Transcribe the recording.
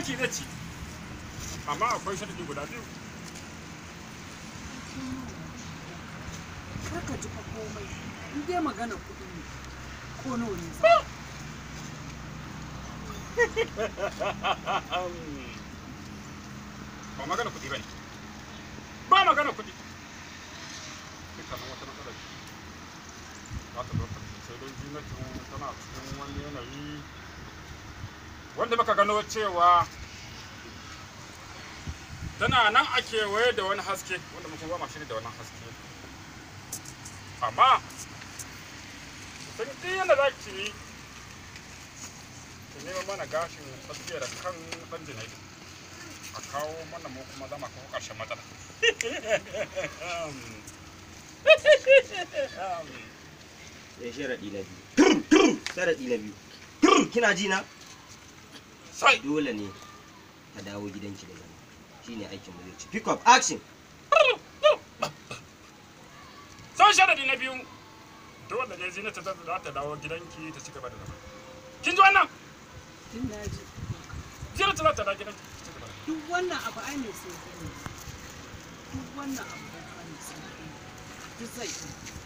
aiki na ci amma akwai sharadi guda biyu kaka ji fa komai in dai magana kuɗi ne ko nawa ne za ba magana kuɗi ba ne ba magana kuɗi dukkanin wata matsalar za ta sai tana cikin wani yanayi wanda muka gano cewa tana nan a kewaye da wani haske wanda mutum ba ne da wannan haske amma sun duk yadda za ki yi ki neman mana gashin tsakiyar kan ɗan jinai a kawo mana mu kuma zama kawo ƙarshen matsala sai sharaɗi na biyu sharaɗi na biyu kina ji na dole ne ka dawo gidanki da zama ne aikin mu zai ci pick up action sai sharadi na biyu duk wanda ne zina ta zata ta dawo gidanki ta ci gaba da zama kin ji wannan kin naji zina ta zata ta dawo gidanki ta ci gaba duk wannan abu ai mai sauki ne duk wannan abu ai mai sauki ne duk zai